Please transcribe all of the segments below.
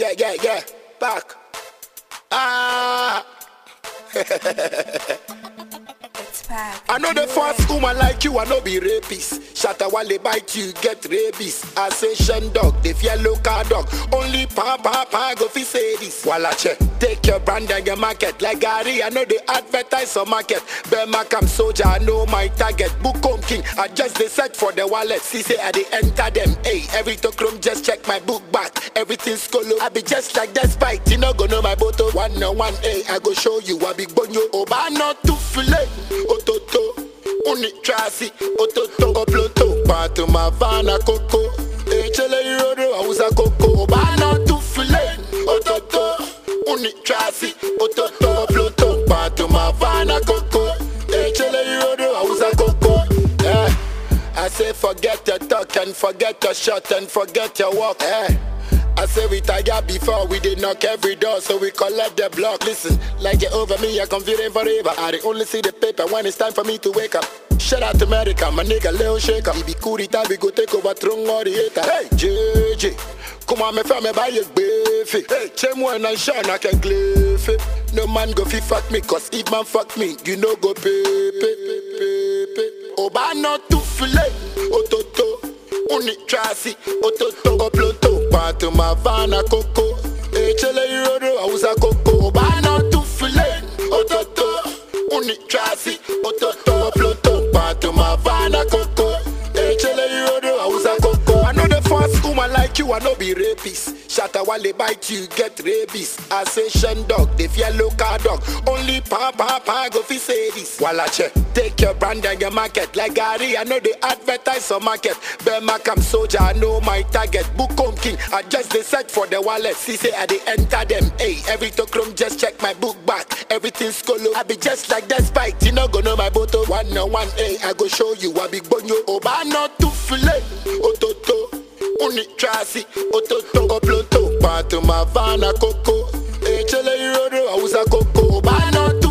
yeah, yeah, yeah, back. Ah. I know the first woman like you, I know be rapist. Shatter while they bite you, get rabies. Assassin dog, the yellow car dog. Only Papa pa pa go fi say this. Walla che, take your brand and your market. Like Gary, I know they advertise on market. Bear my soldier, I know my target. Book I just they search for the wallet. See say I they enter them. Hey, every tokrom just check my book back. Everything's colo. I be just like that spike. You know go know my bottle. One on one, hey, I go show you. I be bonyo. Oba oh, not to fillet. Ototo. Uni trasi. Ototo. Oploto. van a coco. I irodo. a coco. Oba not to fillet. Ototo. Uni trasi. Ototo. Oploto. say forget your talk and forget your shot and forget your walk. Hey. Eh. I say we tired before we did knock every door, so we collect the block. Listen, like you over me, I come feeling forever. I only see the paper when it's time for me to wake up. Shout out to America, my nigga Lil Shaker. He be cool, that we go take over throne or the hater. Hey, JJ, come on, my family, buy your beefy. Hey, Chem one and shine, I can glyph it. No man go fi fuck me, cause if man fuck me, you know go pay, pay, pay, pay, pay. Oh, but not too filet, ototo Unique trasi, ototo Oploto, pato ma vana coco Echele irodo, ausa coco Bana tu filet, ototo Unique trasi, ototo Oploto, pato ma vana coco Echele irodo, ausa coco I know the fast woman like you, I know be rapist shatter while bite you, get rabies. I dog, the fear local dog. Only pa pa pa go fi say this. Walache, take your brand and your market. Like Gary, I know they advertise on market. Bema come soldier, I know my target. Book home king, I just the set for the wallet. See say I they enter them. Hey, every tokrom just check my book back. Everything's colo. I be just like that spike. You know go know my bottle. One on one, hey, I go show you. I be bonyo. Oba not too fillet. Ototo unique chassis, ototongo pronto, pato mavana coco, echele irodo ausa coco, bano tu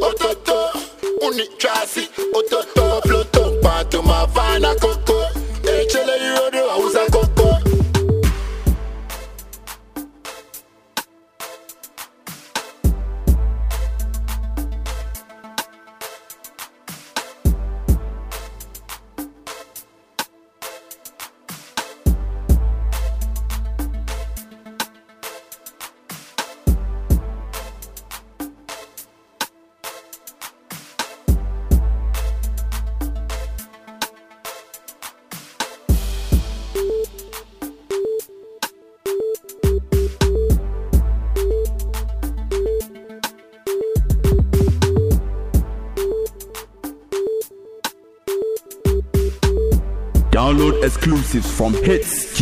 ototo, unique chassis, ototongo pronto, pato mavana coco. Download exclusives from hitsgh.com.